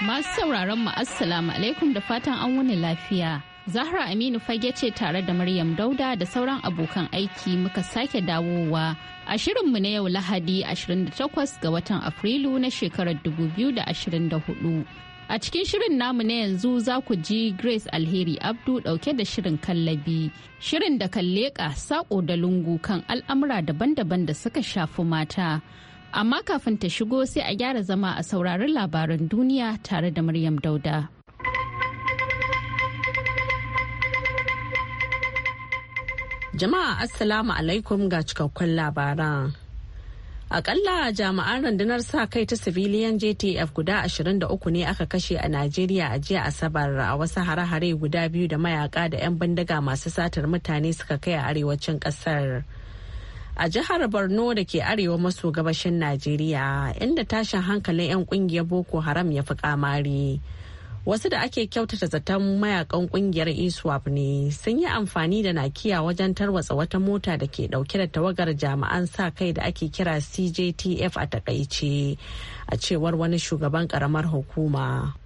Masu sauraron mu assalamu alaikum da fatan an wuni lafiya. Zahra Aminu fage ce tare da Maryam Dauda da sauran abokan aiki muka sake dawowa. A mu na yau Lahadi 28 ga watan Afrilu na shekarar 2024. A cikin shirin namu na yanzu za ku ji Grace Alheri Abdu dauke da shirin kallabi. Shirin da kalleka leƙa saƙo da lungu kan al'amura daban-daban da suka shafi mata. Amma kafin ta shigo sai a gyara zama a sauraron labaran duniya tare da Maryam Dauda. Jama'a Assalamu alaikum ga cikakkun labaran. Akalla jami'an rundunar sa kai ta civilian JTF guda 23 ne aka kashe a Najeriya a jiya Asabar a wasu hare-hare guda biyu da mayaka da 'yan bindiga masu satar mutane suka kai a arewacin kasar. a jihar borno da ke arewa maso gabashin najeriya inda tashin hankalin 'yan kungiyar boko haram ya fi kamari wasu da ake kyautata zaton mayakan kungiyar iswap e ne sun yi amfani da nakiya wajen tarwatsa wata mota da ke dauke da tawagar jami'an sa kai da ake kira cjtf a takaice a cewar wani shugaban karamar hukuma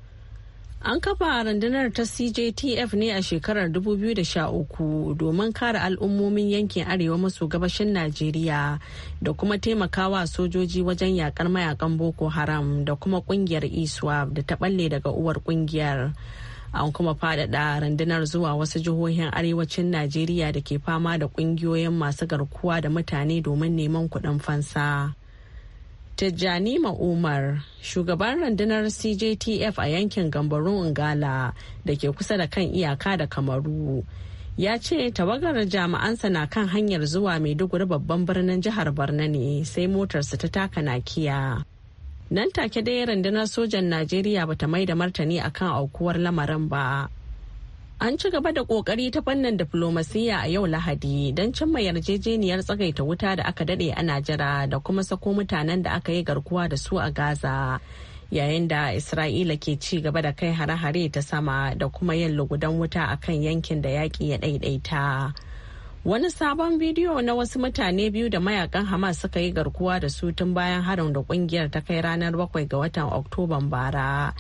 An kafa rundunar ta CJTF ne a shekarar 2013 domin kare al'ummomin yankin arewa maso gabashin Najeriya da kuma taimakawa sojoji wajen yakar mayakan Boko Haram da kuma kungiyar ISWAP e da ta balle daga uwar kungiyar. An kuma faɗaɗa rundunar zuwa wasu jihohin arewacin Najeriya da ke fama da ƙungiyoyin masu garkuwa da mutane domin neman kuɗin fansa. Tijjanima Umar, shugaban rundunar CJTF a yankin Gambarun Ngala da ke kusa da kan iyaka da Kamaru. Ya ce tawagar jami'ansa na kan hanyar zuwa Maiduguri babban birnin jihar Borno ne sai motarsa ta taka nakiya. Nan take dai rundunar sojan Najeriya bata mai da martani akan aukuwar lamarin ba. An ci gaba da kokari ta fannin diflomasiyya a yau Lahadi don cimma yarjejeniyar tsagaita wuta da aka dade ana jira da kuma sako mutanen da aka yi garkuwa da su a Gaza. Yayin da Isra'ila ke ci gaba da kai hare-hare ta sama da kuma yin lugudan wuta a kan yankin da yaƙi ya ɗaiɗaita. Wani sabon bidiyo na wasu mutane biyu da mayakan Hamas suka yi garkuwa da su tun bayan harin da kungiyar ta kai ranar bakwai ga watan Oktoban bara.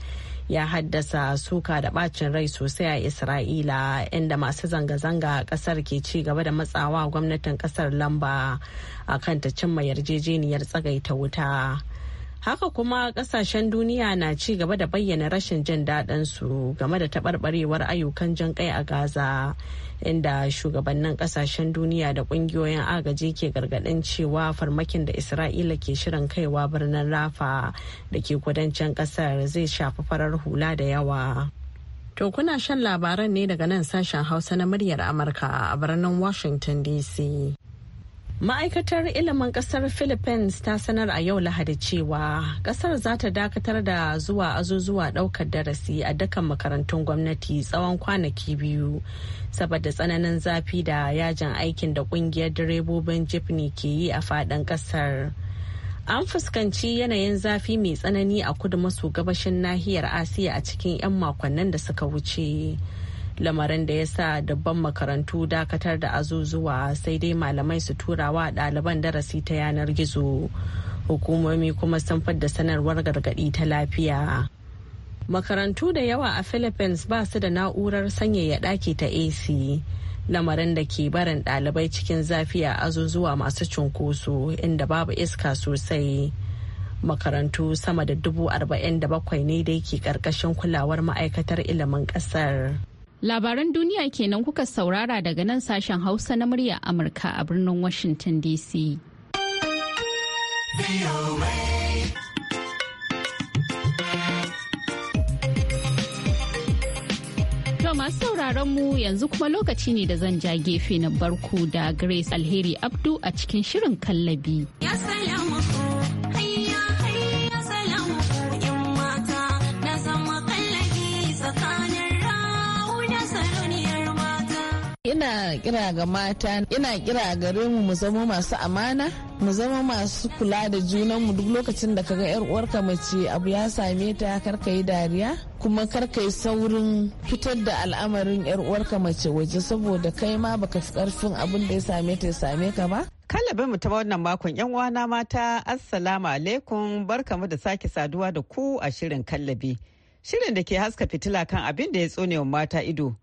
ya haddasa suka da bacin rai sosai a isra'ila inda masu zanga-zanga a kasar ke ci gaba da matsawa gwamnatin kasar lamba a kan ta cimma yarjejeniyar tsagaita wuta haka kuma kasashen duniya na ci gaba da bayyana rashin jin daɗin su game da taɓarɓarewar ayyukan jin kai a gaza inda shugabannin kasashen duniya da ƙungiyoyin agaji ke gargaɗin cewa farmakin da isra'ila ke shirin kaiwa birnin rafa da ke kudancin ƙasar zai shafi farar hula da yawa to kuna shan labaran ne daga nan sashen hausa na muryar amurka a birnin washington dc Ma'aikatar ilimin kasar Philippines ta sanar a yau Lahadi cewa kasar za ta dakatar da zuwa azuzuwa daukar darasi a dukkan makarantun gwamnati tsawon kwanaki biyu saboda tsananin zafi da yajin aikin da kungiyar direbobin jifni ke yi a fadin kasar. An fuskanci yanayin zafi mai tsanani a kudu maso gabashin nahiyar Asiya a cikin 'yan makonnin da suka wuce. lamarin da ya sa dabban makarantu dakatar da azuzuwa sai dai malamai su turawa ɗaliban darasi ta yanar gizo hukumomi kuma sun da sanarwar gargaɗi ta lafiya makarantu da yawa a philippines ba su da na'urar sanyaya ɗaki ta ac lamarin da ke barin ɗalibai cikin zafi a azuzuwa masu cunkoso inda babu iska sosai makarantu sama da dubu arba'in da bakwai ne da ke karkashin kulawar ma'aikatar ilimin kasar. Labaran duniya kenan kuka saurara daga nan sashen Hausa na murya Amurka a birnin Washington DC. masu sauraron mu yanzu kuma lokaci ne da zan ja gefe na barku da Grace Alheri Abdu a cikin shirin kallabi. ina kira ga mata ina kira gare mu mu zama masu amana mu zama masu kula da junan mu duk lokacin da kaga yar uwarka mace abu ya same ta kar ka yi dariya kuma kar ka yi saurin fitar da al'amarin yar uwarka mace waje saboda kai ma baka fi karfin abin da ya same ta ya same ka ba kalabin mu ta wannan makon yan uwana mata assalamu alaikum barkamu da sake saduwa da ku a shirin kallabi shirin da ke haska fitila kan abin da ya tsonewa mata ido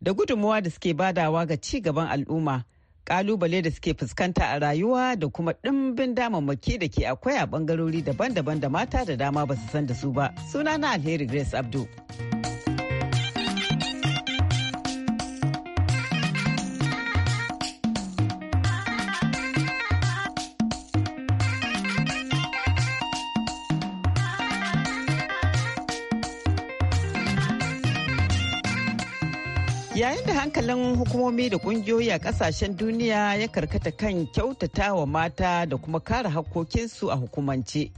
da gudunmuwa da suke badawa ga ci gaban al'umma kalubale da suke fuskanta a rayuwa da kuma ɗimbin damammaki da ke akwai a bangarori daban-daban da mata da dama ba su san da su ba sunana alheri grace abdul hankalin hukumomi da kungiyoyi a kasashen duniya ya karkata kan kyautata wa mata da kuma kare hakkokinsu a hukumance.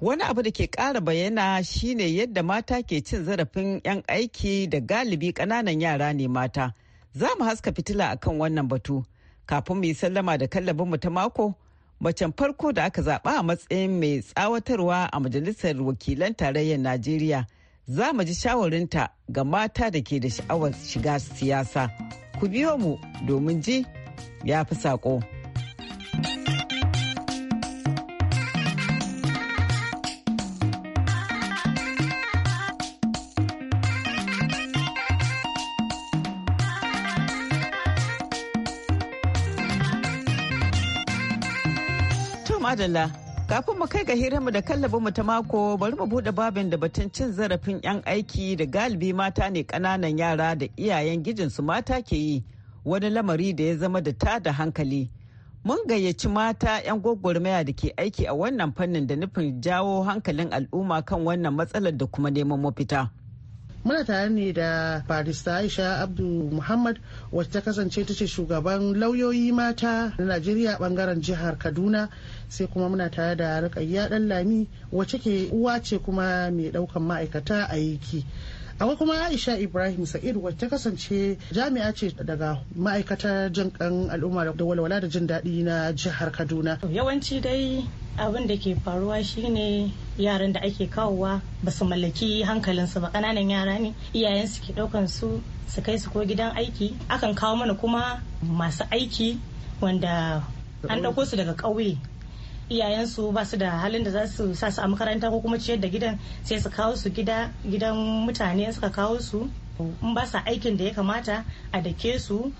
Wani abu da ke ƙara bayyana shine yadda mata ke cin zarafin 'yan aiki da galibi ƙananan yara ne mata. Za mu haska fitila akan wannan batu. Kafin mu yi sallama da kallabinmu ta mako, macen farko da aka zaɓa a matsayin mai tsawatarwa a Majalisar Wakilan Tarayyar Najeriya. za mu ji shawarinta ga mata da ke da sha'awar shiga siyasa. Ku biyo mu domin ji ya fi saƙo. Madalla Kafin mu kai ga hiranmu da kallabin mu ta mako bari mu bude babin da batun cin zarafin 'yan aiki da galibi mata ne ƙananan yara da iyayen gijinsu mata ke yi wani lamari da ya zama da ta da hankali. Mun gayyaci mata 'yan gwagwarmaya da ke aiki a wannan fannin da nufin jawo hankalin al'umma kan wannan matsalar da kuma neman mafita. muna tare ne da barista aisha abdu muhammad wacce ta kasance ta ce shugaban lauyoyi mata na najeriya bangaren jihar kaduna sai kuma muna tare da rikayya dan lami wacce ke uwa ce kuma mai daukan ma'aikata a yiki akwai kuma aisha ibrahim sa'id wacce kasance jami'a ce daga ma'aikatar jin kan al'umma da walwala da jin daɗi na jihar kaduna yawanci dai abin da ke faruwa shine yaran da ake kawowa ba su mallaki hankalinsu ba ƙananan yara ne iyayensu ke ɗaukan su su kai su ko gidan aiki akan kawo mana kuma masu aiki wanda an ɗauko su daga ƙauye iyayensu ba su da halin da za su sa su a makaranta ko kuma ciyar da gidan sai su kawo su gida gidan mutane suka kawo su in ba sa aikin da ya kamata a dake su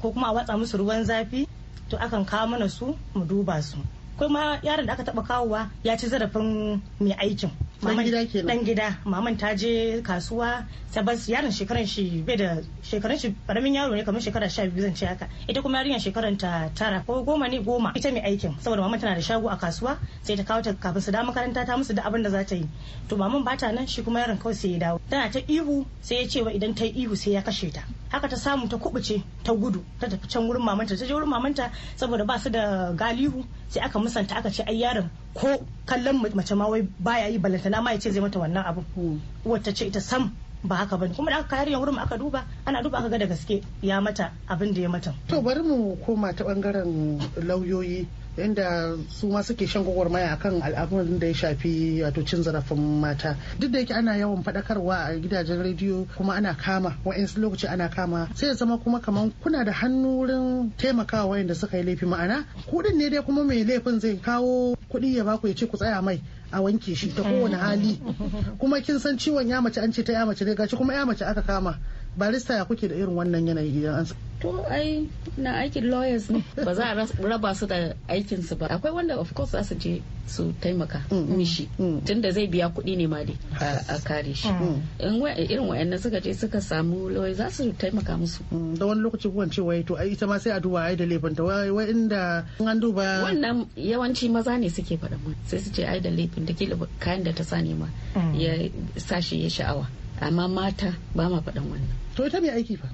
ko kuma a watsa musu ruwan zafi to akan kawo mana su mu duba su kuma yaron da aka taba kawowa ya ci zarafin mai aikin maman gida kenan dan gida maman ta je kasuwa ta yaron shekaran shi bai da shekaran shi karamin yaro ne kamar shekara sha biyu zan ce haka ita kuma yarinyar shekaran ta tara ko goma ne goma ita mai aikin saboda maman tana da shago a kasuwa sai ta kawo ta kafin su da makaranta ta musu da abin da za ta yi to maman ba ta nan shi kuma yaron kawai sai ya dawo tana ta ihu sai ya ce wa idan ta yi ihu sai ya kashe ta haka ta samu ta kubuce ta gudu ta tafi can wurin mamanta ta je wurin mamanta saboda ba su da galihu sai aka musanta aka ce ai yaron ko kallon mace ma wai baya yi balantana ma ya ce zai mata wannan abu wata ce ita sam ba haka bane kuma da aka kayar wurin aka duba ana duba aka ga da gaske ya mata abin da ya mata to bari mu koma ta bangaren lauyoyi inda su ma suke shan gwagwarmaya akan al'amuran da ya shafi wato cin zarafin mata duk da yake ana yawan fadakarwa a gidajen rediyo kuma ana kama wa'insu lokaci ana kama sai ya zama kuma kaman kuna da hannu wurin taimakawa wayanda suka yi laifi ma'ana kuɗin ne dai kuma mai laifin zai kawo kuɗi ya baku ya ce ku tsaya mai a wanke shi ta kowane hali kuma kin san ciwon ya an ce ta ya ne gashi kuma ya mace aka kama barista ya kuke da irin wannan yanayi to ai na aikin lawyers ne ba za a raba su da aikin su ba akwai wanda of course za su je su taimaka mm, mm, mishi mm. tunda zai biya kuɗi ne ma dai a kare shi in irin wayannan suka je suka samu lawyers za su taimaka musu da wani lokaci kuwan cewa wai to ai ita ma sai a duba ai da laifin ta wai inda an duba wannan yawanci maza ne suke faɗa mun sai su ce ai da laifin ke kila kayan da ta sa ne ma ya sashi ya sha'awa amma mata ba ma faɗan wannan to ita mai aiki fa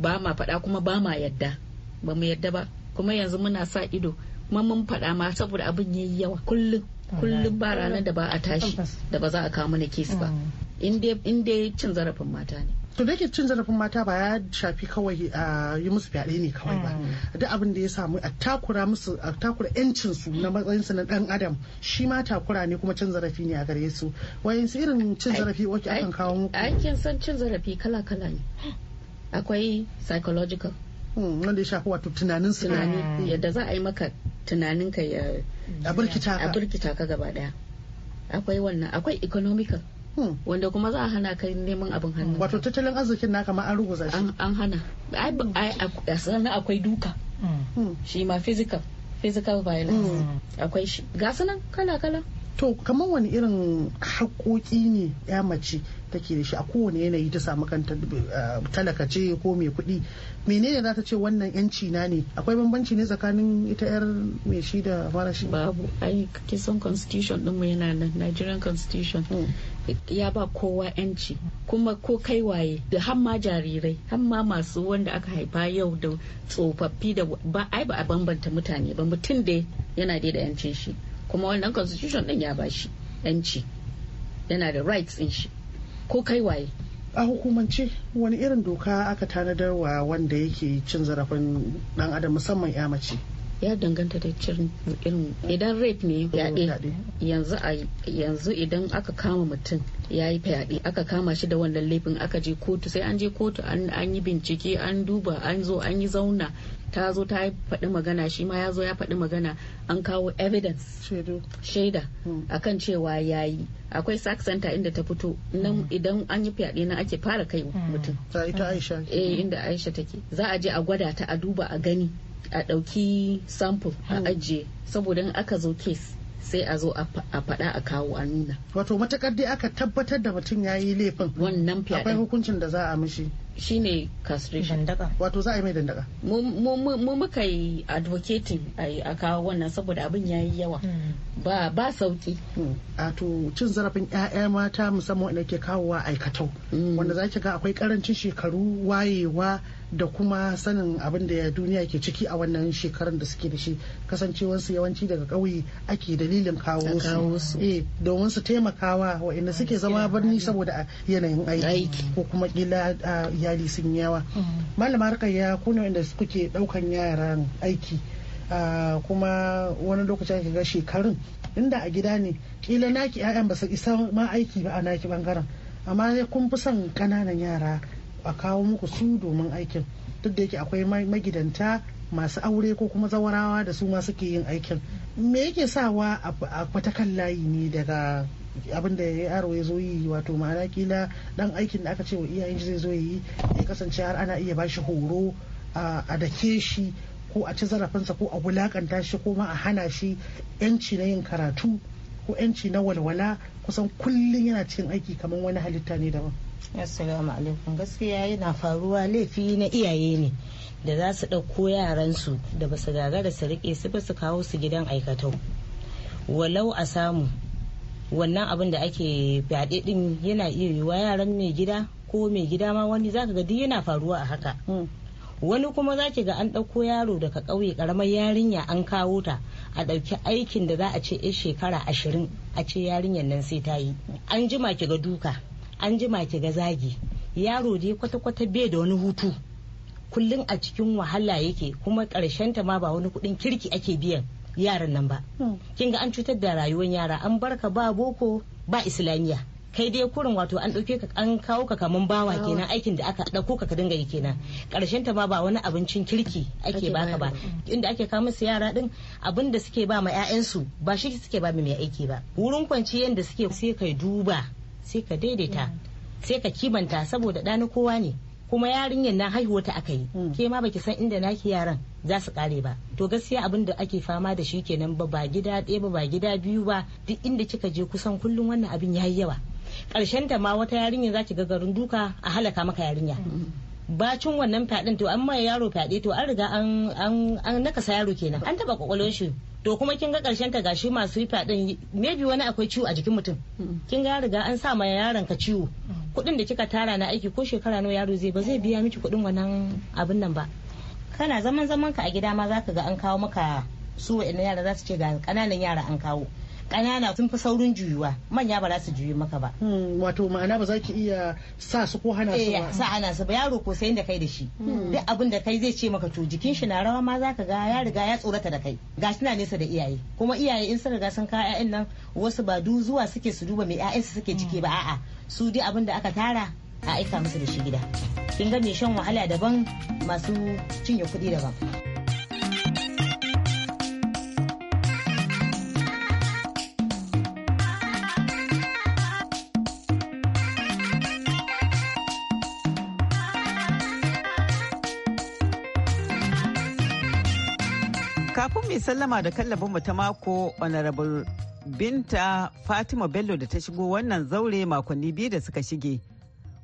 ba ma faɗa kuma ba ma yadda ba mu yadda ba kuma yanzu muna sa ido kuma mun faɗa ma saboda abin ya yi yawa kullum kullum ba ranar da ba a tashi da ba za a kawo mana kes ba mm. in dai cin zarafin mata ne to da cin zarafin mata ba ya shafi kawai a yi musu fyaɗe ne kawai ba mm. duk abin da ya samu a takura musu a takura yancin su na matsayin su na dan adam shi ma takura ne kuma cin zarafi ne a gare su wayansu irin cin zarafi wacce akan kawo muku aikin san cin zarafi kala kala ne akwai psychological hmm, wanda ya shafi wato tunanin su tunani hmm. yadda za a yi maka tunanin ka ya a burkita ka gaba daya akwai wannan akwai economical hmm. wanda kuma za a hana ka neman abin hannu wato tattalin arzikin naka ma an ruguza shi an hana a sannan akwai duka shi ma physical physical violence akwai shi ga nan kala kala to kamar wani irin haƙoƙi ne ya mace take da shi a kowane yanayi ta samu kanta eh, talaka ce ko mai kuɗi menene za ta ce wannan yanci na ne akwai bambanci ne tsakanin ita yar mai shi da mara shi babu ai kisan constitution din mu yana nan Nigerian constitution hmm. ya ba kowa yanci kuma ko kai waye da hamma jarirai hamma masu wanda aka haifa yau da tsofaffi da ba ai ba a bambanta mutane ba mutum da yana dai da yancin shi kuma wannan constitution din ya ba shi yanci yana da rights din shi ko kai waye a hukumance wani irin doka aka tanadar wa wanda yake cin zarafin dan adam musamman ya mace ya danganta da cin irin idan rape ne fyaɗe yanzu yanzu idan aka kama mutum ya yi fyaɗe aka kama shi da wannan laifin aka je kotu sai an je kotu an yi bincike an duba an zo an yi zauna ta zo ta faɗi magana shi ma ya zo ya faɗi magana an kawo evidence shaida hmm. a kan cewa ya yi akwai sac center inda ta fito nan hmm. idan an yi fyaɗe na ake fara kai hmm. mutum eh inda aisha take za a je a gwada ta a duba a gani a ɗauki sample a ajiye saboda aka zo case sai a zo a faɗa a kawo a nuna. Wato matakar dai aka tabbatar da mutum ya yi laifin. Wannan fyaɗe. Akwai hukuncin da za a mishi. Shi ne castration. Dandaka. Wato za a yi mai dandaka. Mu muka yi advocating a kawo wannan saboda abin ya yi yawa. Hmm. ba ba sauki hmm. a to cin zarafin 'ya'ya mata musamman wanda ke kawowa aikatau hmm. wanda zaki ga akwai karancin shekaru wayewa da kuma sanin abin da duniya ke ciki a wannan shekarun da suke da shi kasancewarsu yawanci daga ƙauye ake dalilin kawo su eh domin su taimakawa waɗanda suke zama birni saboda yanayin aiki ko kuma gila iyali sun yawa hmm. malama harkar ya kuna inda kuke ɗaukan yaran aiki kuma wani lokacin ake ga shekarun inda a gida ne kila naki 'ya'yan ba su isa ma aiki ba a naki bangaren amma kun fi son kananan yara a kawo muku su domin aikin duk da yake akwai magidanta masu aure ko kuma zawarawa da su masu ke yin aikin me yake sawa a kwatakan layi ne daga abin da yaro ya zo yi wato ma'ana kila dan aikin da aka ce wa iyayen zai zo yi ya kasance har ana iya bashi horo a dake shi ko a ci zarafinsa ko a wulakanta shi ko ma a hana shi yanci na yin karatu ko yanci na walwala kusan kullum yana cikin aiki kamar wani halitta ne daban. assalamu alaikum gaskiya yana faruwa laifi na iyaye ne da za su ɗauko yaransu da ba su gagara su riƙe su ba su kawo su gidan aikatau walau a samu wannan abin da ake fyaɗe ɗin yana iya yiwuwa yaran mai gida ko mai gida ma wani zaka ga duk yana faruwa a haka hmm. wani kuma za ki ga an ɗauko yaro daga ƙauye ƙaramar yarinya an kawo ta a ɗauki aikin da za a ce yar shekara ashirin a ce yarinyar nan sai ta yi an jima ki ga duka an jima ki ga zagi yaro dai kwata-kwata bai da wani hutu kullum a cikin wahala yake kuma ta ma ba wani kuɗin kirki ake biyan yaran nan ba hmm. kin ga an cutar da rayuwar yara an barka ba boko ba islamiyya kai dai kurin wato an ɗauke ka an kawo ka kaman bawa kenan aikin da aka dauko ka ka dinga yi kenan karshen ta ma ba wani abincin kirki ake baka ba inda ake kawo musu yara din abin da suke ba ma su ba shi suke ba mai aiki ba wurin kwanci da suke sai ka duba sai ka daidaita mm. sai ka kimanta saboda ɗana kowa ne kuma yarinyar na haihuwa ta aka yi mm. ke ma baki san inda naki yaran za su kare ba to gaskiya abin da ake fama da shi kenan ba ba gida ɗaya ba ba gida biyu ba duk inda kika je kusan kullum wannan abin yayi yawa karshen ta ma wata yarinya za ki ga garin duka a halaka maka yarinya bacin wannan fyaɗen to an maye yaro fyaɗe to an riga an an nakasa yaro kenan an taba kokolon shi to kuma kin ga karshen ta gashi masu fyaɗen maybe wani akwai ciwo a jikin mutum kin ga riga an sa ma yaron ka ciwo kuɗin da kika tara na aiki ko shekara nawa yaro zai ba zai biya miki kuɗin wannan abin nan ba kana zaman zaman ka a gida ma zaka ga an kawo maka su wa'annan yara za su ce ga kananan yara an kawo kanana sun fi saurin juyuwa manya ba za su juyi maka ba. Hmm, wato ma'ana ba za ki iya sa su ko hana su eh, ba. sa hana su ba yaro ko sayin da kai da shi. Hmm. duk abin da kai zai ce maka to jikin shi na rawa ma zaka ga ya riga ya tsorata da kai ga shi na nesa da iyaye kuma iyaye in sun riga sun kawo ƴaƴan nan wasu ba du zuwa suke su duba me 'ya'yan su suke ciki ba a'a su duk abin da aka tara a aika musu da shi gida. kin ga mai shan wahala daban masu cinye kuɗi daban. Kafin mai sallama da kallabinmu ta mako Honorable Binta Fatima Bello da ta shigo wannan zaure makonni biyu da suka shige.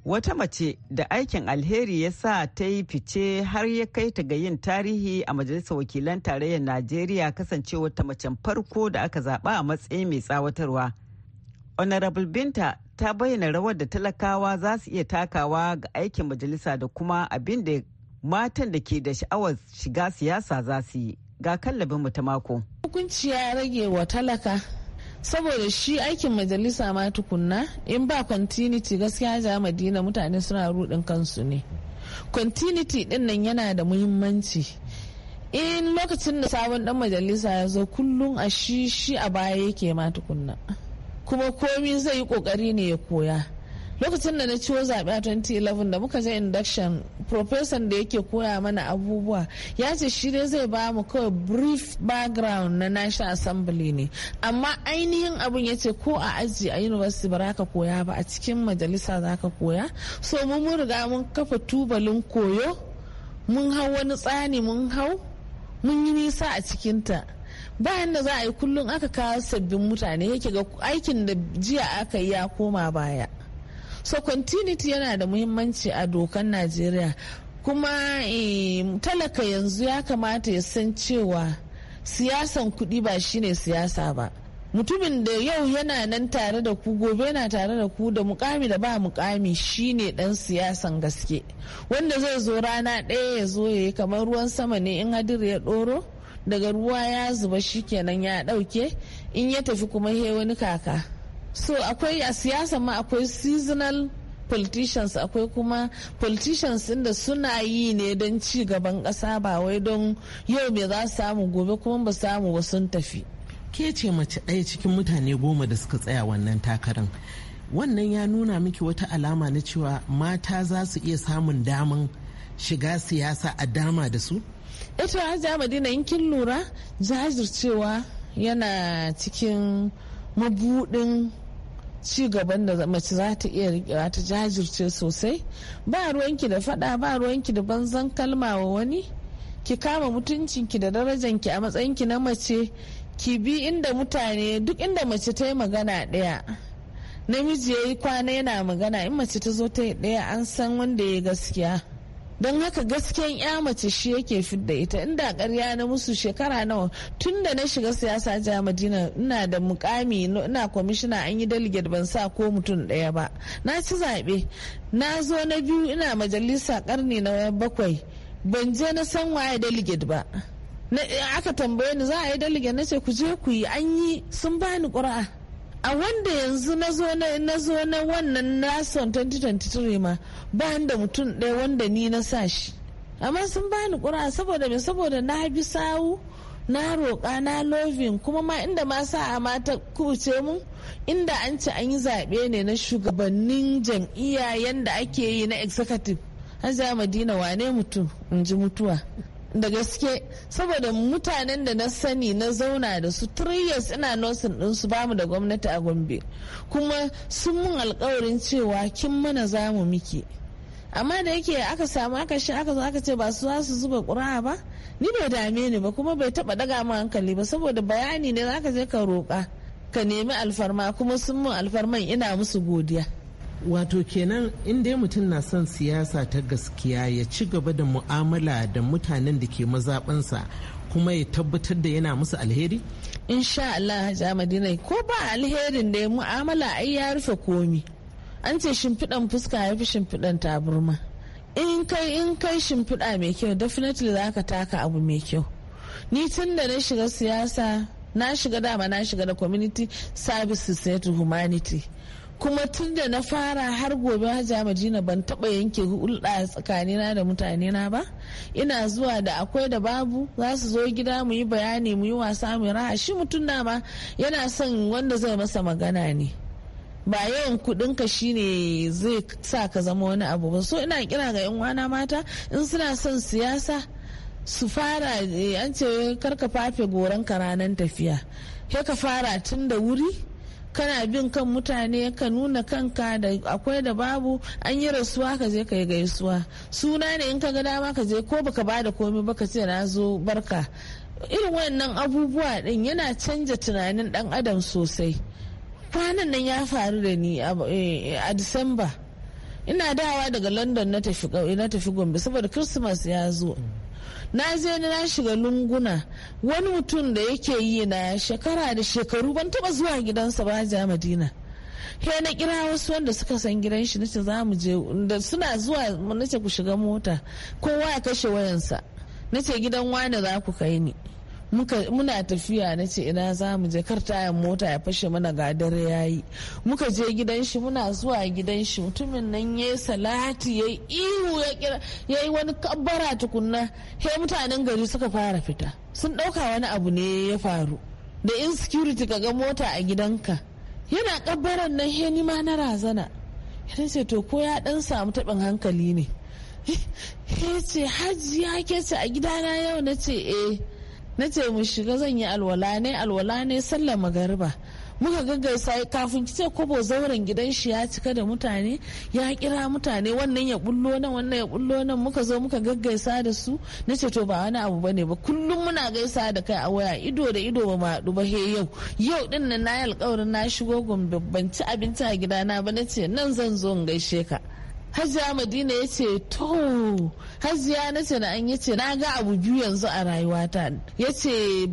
Wata mace da aikin alheri ya sa ta yi fice har ya kai ta ga yin tarihi a Majalisar Wakilan Tarayyar Najeriya kasancewar ta macen farko da aka zaba a matsayin mai tsawatarwa. Honorable Binta ta bayyana rawar da talakawa za su iya takawa ga aikin majalisa da kuma abin da matan da ke da sha'awar shiga siyasa za su yi. ga kallabin mu ta mako. Hukunci ya rage wa talaka saboda shi aikin majalisa ma tukunna in ba continuity gaskiya ja madina mutane suna rudin kansu ne. Continuity din nan yana da muhimmanci. In lokacin da sabon dan majalisa ya zo kullum a shi shi a baya yake ma tukunna. Kuma komi zai yi kokari ne ya koya. lokacin da na ciwo zaɓe a 2011 da muka je induction professor da yake koya mana abubuwa ya ce shi ne zai ba mu kawai brief background na national assembly ne amma ainihin abin ya ce ko a aji a university ba ka koya ba a cikin majalisa za ka koya so mun mun riga mun kafa tubalin koyo mun hau wani tsani mun hau mun yi nisa a cikinta bayan da za a yi kullum aka kawo sabbin mutane yake ga aikin da jiya aka yi ya koma baya so continuity yana da muhimmanci a dokan najeriya kuma eh, talaka yanzu ya kamata ya san cewa siyasan kudi ba shine siyasa ba mutumin da yau yana nan tare da ku gobe yana tare da ku da mukami da ba mukami shine dan siyasan gaske wanda zai zo rana ɗaya ya zo ya yi kamar ruwan sama ne in hadir ya ɗoro daga ruwa ya zuba shikenan ya ɗauke in ya tafi kuma he wani kaka so akwai a siyasa ma akwai seasonal politicians akwai kuma politicians inda suna yi ne don ci gaban ƙasa ba wai don yau me za samu gobe kuma ba samu ba sun tafi ke ce mace ɗaya cikin mutane goma da suka tsaya wannan takarar wannan ya nuna miki wata alama na cewa mata za su iya samun daman shiga siyasa a dama da su ita hajiya madina in kin lura jajircewa yana cikin mabudin ci gaban da mace za ta iya rikewa ta jajirce sosai ba ruwanki da fada ba ruwanki da banzan kalma wa wani ki kama mutuncinki da darajanki a matsayin ki na mace ki bi inda mutane duk inda mace ta yi magana ɗaya namiji ya yi kwana yana magana in mace ta zo ta yi ɗaya an san wanda ya gaskiya don haka gasken ya mace shi yake fidda ita inda karya na musu shekara nawa tun da na shiga siyasa ja madina ina da mukami ina kwamishina an yi delegate ban sa ko mutum daya ba na ci zaɓe na zo na biyu ina majalisa karni na bakwai ban je na san waye delegate ba aka tambaye ni za a yi delegate na ce ku je ku yi an yi sun bani ƙura'a a wanda yanzu na zo na zo na wannan nason 2023 ma ba da mutum ɗaya wanda ni na sa shi amma sun bani ƙura saboda me saboda na bi sawu na roƙa na lovin kuma ma inda ma sa a ta kuce mu inda an ci an yi zaɓe ne na shugabannin jam'iyya yanda ake yi na executive an za madina wane mutum in ji mutuwa da gaske saboda mutanen da na sani na zauna da su years ina nosin din su bamu da gwamnati a gombe kuma sun mun alkawarin cewa kin mana za mu miki amma da yake aka samu aka shi aka zo aka ce ba su za su zuba ƙura ba ni bai dame ni ba kuma bai taba daga mu hankali ba saboda bayani ne zaka je ka roka ka nemi alfarma kuma sun mun alfarman ina musu godiya wato kenan inda ya mutum na son siyasa ta gaskiya ya ci gaba da mu'amala da mutanen da ke mazaɓansa kuma ya tabbatar da yana musu alheri insha Allah Hajji Madina ko ba alherin da ya mu'amala ai ya rufe komi an ce shimfiɗan fuska ya fi shimfiɗan taburma in kai in kai shimfiɗa mai kyau definitely za ka taka abu mai kyau ni tun da na shiga siyasa na shiga dama na shiga da community services ne humanity kuma tun da na fara har gobe hajiya madina ban taba yanke hulɗa tsakanina da mutane na ba ina zuwa da akwai da babu za su zo gida mu yi bayani mu yi wasa mu raha shi mutum na ma yana son wanda zai masa magana ne ba yawan kudin ka shine zai sa ka zama wani abu ba so ina kira ga yan mata in suna son siyasa su fara eh, an ce karka fafe goron ka ranar tafiya ka fara tun da wuri kana bin kan mutane ka nuna kanka da akwai da babu an yi rasuwa ka je ka yi gaisuwa suna ne in ka ga dama ka je ko baka bada komai ba ka ce na zo barka irin wannan abubuwa din yana canja tunanin dan adam sosai kwanan nan ya faru da ni a eh, disamba ina dawa daga london na tafi gombe saboda christmas ya zo na je na shiga lunguna wani mutum da yake yi na shekara da shekaru ban taba zuwa gidansa ba ja madina he na kira wasu wanda suka san gidan shi nace za mu je da suna zuwa nace ku shiga mota kowa ya kashe wayansa nace gidan wani za ku kai ni muna tafiya na ce ina za mu je kar tayan mota ya fashe mana ga dare yayi muka je gidan shi muna zuwa gidan shi mutumin nan yi salati yi ihu ya kira yi wani kabbara tukunna he mutanen gari suka fara fita sun dauka wani abu ne ya faru da insecurity ga mota a gidanka yana kabbaran nan he ni ma na razana ya ce to ko ya dan samu tabin hankali ne ya ce hajji ya ke ce a gidana yau na ce eh na ce mu shiga zan yi alwala ne alwala ne sallar magariba muka gaggaisa kafin ki ce kobo zauren gidan shi ya cika da mutane ya kira mutane wannan ya bullo nan wannan ya bullo nan muka zo muka gaggaisa da su na ce to ba wani abu bane ba kullum muna gaisa da kai a waya ido da ido ba ma haɗu ba he yau yau din nan na yi na shigo gombe ban ci abinci a gidana ba na ce nan zan zo in gaishe ka hajiya madina ya ce to hajiya na ce na an ya ce na ga abu biyu yanzu a rayuwata ya ce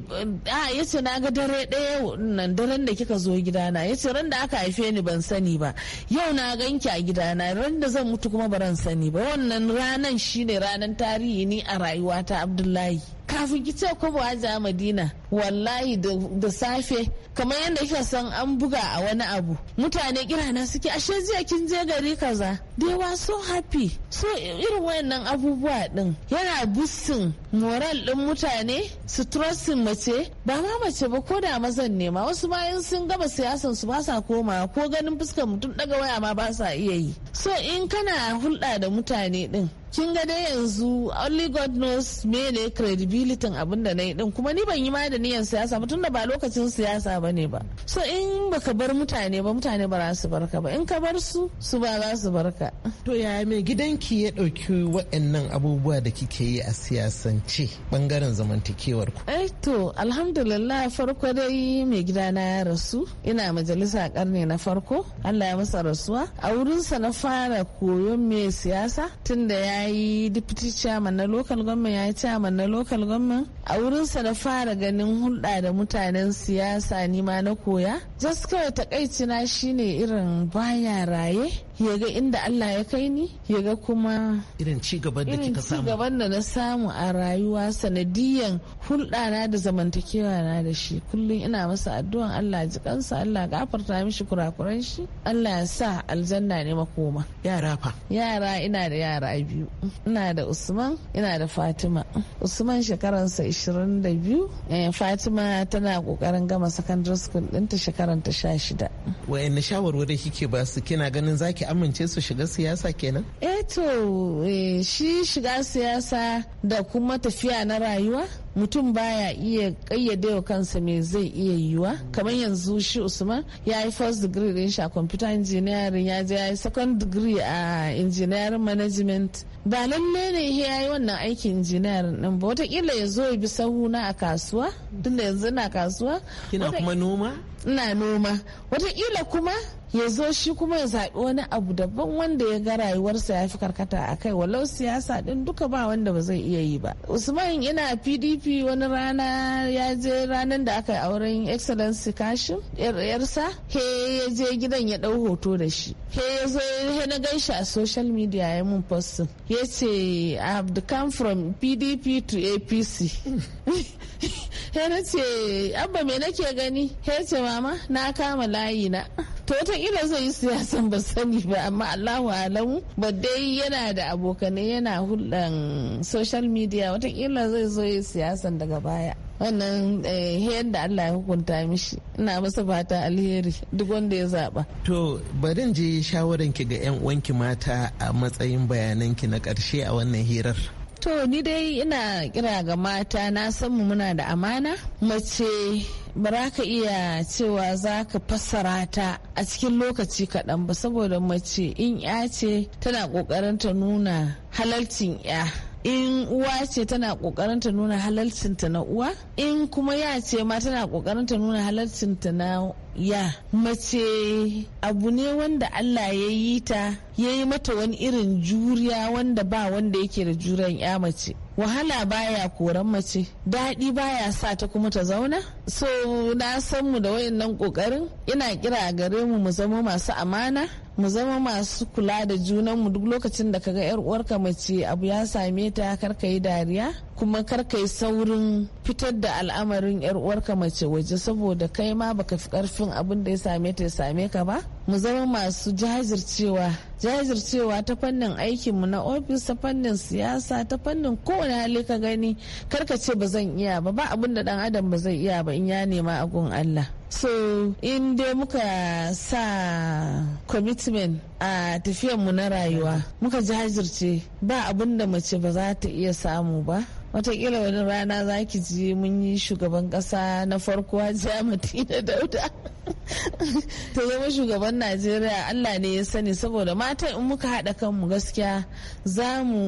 ya ce na ga dare ɗaya nan daren da kika zo gidana ya ce ran da aka haife ni ban sani ba yau na ganki a gidana ran zan mutu kuma baran sani ba wannan ranan shine ranan tarihi ni a rayuwata abdullahi kafin ki ce kobo aja madina wallahi da safe kamar yadda kika san an buga a wani abu mutane kirana suke ashe jiya kin je gari kaza they were so happy so irin wayannan abubuwa din yana bussin. moral ɗin mutane su trustin mace ba ma mace ba ko da mazan nema wasu bayan sun gaba siyasan su ba sa koma ko ganin fuskar mutum daga waya ma ba sa iya yi so in kana hulɗa da mutane ɗin kin ga dai yanzu only god knows me ne credibility abin da na yi din kuma ni ban yi ma da niyan siyasa ba tunda ba lokacin siyasa ba ne ba so in baka bar mutane ba mutane ba za su barka ba in ka bar su su ba za su barka to ya mai gidanki ya ɗauki waɗannan abubuwa da kike yi a siyasan kasance bangaren zamantakewar ku eh to alhamdulillah farko dai mai gida na ya rasu ina majalisa karni na farko Allah ya masa rasuwa a wurinsa na fara koyon me siyasa tunda ya yi deputy chairman na local government ya yi chairman na local government a wurinsa na fara ganin hulɗa da mutanen siyasa ma na koya just kawai takaici na shine irin baya raye ya ga inda Allah ya kai ni ya ga kuma irin ci gaban da kika samu gaban da na samu a rayuwa sanadiyan hulɗa na da zamantakewa na da shi kullum ina masa addu'an Allah ji kansa Allah gafarta mishi kurakuran shi Allah ya sa aljanna ne makoma yara fa yara ina da yara biyu ina da Usman ina da Fatima Usman shekaransa 22 eh, Fatima tana kokarin gama secondary school ɗinta shekaranta 16 wayanne shawarwari kike ba su kina ganin zaki ki amince su shiga siyasa kenan? Eh to eh, shi shiga siyasa da kuma tafiya na rayuwa mutum baya iya kayyade wa kansa me zai iya yiwa kamar yanzu shi usman ya yi first degree din shi a computer engineering ya je ya yi second degree a engineering management ba lalle ne ya yi wannan aikin engineering din ba watakila ya zo ya bi sahuna a kasuwa tunda yanzu ina kasuwa kina kuma noma ina noma watakila kuma ya zo shi kuma ya zaɓi wani abu daban wanda ya ga rayuwarsa ya fi karkata a kai walau siyasa ɗin duka ba wanda ba zai iya yi ba usman ina pdp nufi wani rana ya je ranar da aka yi auren excellence kashin yarsa he ya je gidan ya dau hoto da shi he ya zo he na gan shi a social media ya mun postin ya ce i have come from pdp to apc he na ce abba me nake gani he ce mama na kama layi na to wataƙila zai yi siyasan ba sani ba amma allahu alamu ba dai yana da abokanai yana hulɗan social media wataƙila zai zo yi siyasan daga baya wannan hiyar eh, da Allah ya hukunta mishi ina masa fata alheri duk wanda ya zaba. To barin je shawaran ki ga 'yan uwanki mata a matsayin bayananki na ƙarshe a wannan hirar. To ni dai ina kira ga mata na san mu muna da amana mace ba za ka iya cewa za ka fassara ta a cikin lokaci kaɗan ba saboda mace in ya ce tana ƙoƙarin ta nuna halalcin ya in uwa ce tana kokarin ta nuna ta na uwa in kuma ya ce ma tana kokarin ta nuna ta na ya mace abu ne wanda Allah ya yi ta ya yi mata wani irin juriya wanda ba wanda yake da juriyan ya mace wahala baya koran mace daɗi baya sa ta kuma ta zauna so na san mu da wayannan kokarin ina kira gare mu mu zama masu amana mu zama masu kula da junanmu duk lokacin da kaga yar uwarka mace abu ya same ta karka yi dariya kuma karka yi saurin fitar da al'amarin yar uwarka mace waje saboda kai ma baka fi karfin abin da ya same ta ya same ka ba mu zama masu jajircewa jajircewa ta fannin aikinmu na ofis ta fannin siyasa ta fannin kowane hali ka gani karka ce ba zan iya ba ba abin da dan adam ba zai iya ba in ya nema a gun Allah so in dai muka sa commitment a mu na rayuwa muka jajirce ba abin da mace ba za ta iya samu ba watakila wani rana za ki ji mun yi shugaban kasa na farko hajiya matina dauda ta zama shugaban najeriya allah ne ya sani saboda mata in muka haɗa kanmu gaskiya za mu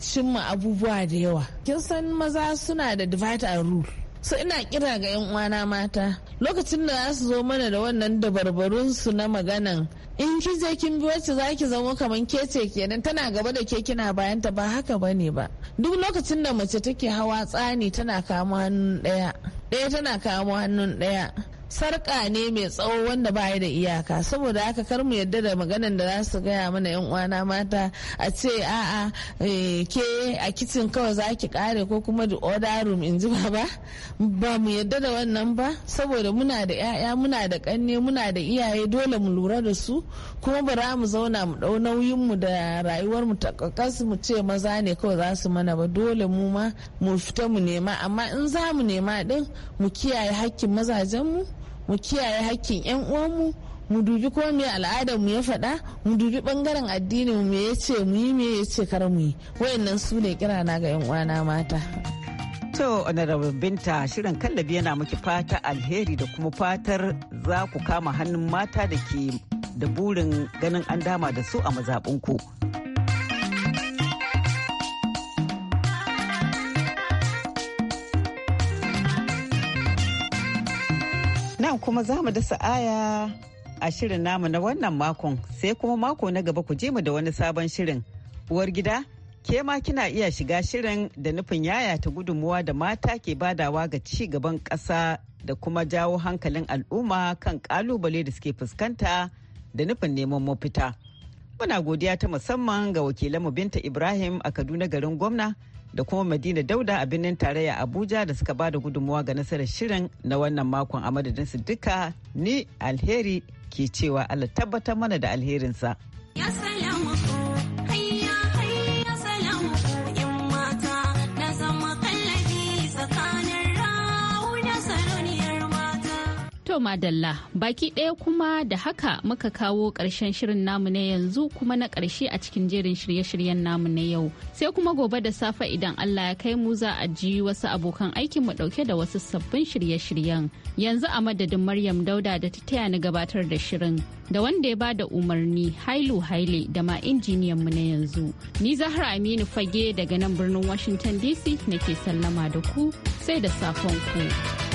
cimma abubuwa da yawa kin san maza suna da divide and rule so ina kira ga yan uwana mata lokacin da za su zo mana da wannan dabarbarun su na maganan in ki je kin bi wacce za ki zama kamar ce kenan tana gaba da ke kina bayanta ba haka ba ne ba duk lokacin da mace take hawa tsani tana kama hannun daya daya tana kama hannun ɗaya sarka ne mai tsawo wanda ba da iyaka saboda haka kar mu yadda da maganan da za su gaya mana yan uwana mata a ce a'a eh, ke a kicin kawai za ki kare ko kuma da order room in ji ba ba mu yadda da wannan ba saboda muna da yaya muna da kanne muna da iyaye dole mu lura da su kuma ba za mu zauna mu dau nauyin mu da rayuwar mu takakas mu ce maza ne kawai za su mana ba dole mu ma mu fita mu nema amma in za mu nema din mu kiyaye hakkin mazajen mu mu kiyaye hakkin 'yan uwanmu mu dubi ko me al'adar mu ya faɗa mu dubi bangaren addini mu me yace mu yi me yace kar mu yi wayannan su ne kirana ga 'yan uwana mata To, Honorable Binta, shirin kallabi yana miki fata alheri da kuma fatar za ku kama hannun mata da ke da burin ganin an dama da su a mazaɓinku. nan kuma za mu dasa aya a shirin namu na wannan makon sai kuma mako na gaba ku je mu da wani sabon shirin uwar gida ke ma kina iya shiga shirin da nufin yaya ta gudunmuwa da mata ke badawa ga ci gaban ƙasa da kuma jawo hankalin al'umma kan kalubale da suke fuskanta da nufin neman mafita. Muna godiya ta musamman ga wakilanmu Binta Ibrahim a Kaduna garin gwamna da kuma Madina Dauda a birnin tarayya Abuja da suka bada gudunmuwa ga nasarar shirin na wannan makon a madadin su duka ni alheri ke cewa Allah tabbatar mana da alherinsa. Yes, To madalla baki ɗaya kuma da haka muka kawo ƙarshen shirin namu na yanzu kuma na ƙarshe a cikin jerin shirye-shiryen namu na yau. Sai kuma gobe da safe idan Allah ya kai mu za a ji wasu abokan aikin mu ɗauke da wasu sabbin shirye-shiryen. Yanzu a madadin Maryam Dauda da ta taya ni gabatar da shirin. Da wanda ya ba da umarni Hailu Haile da ma injiniyan mu na yanzu. Ni Zahra Aminu Fage daga nan birnin Washington DC nake sallama da ku sai da safen ku.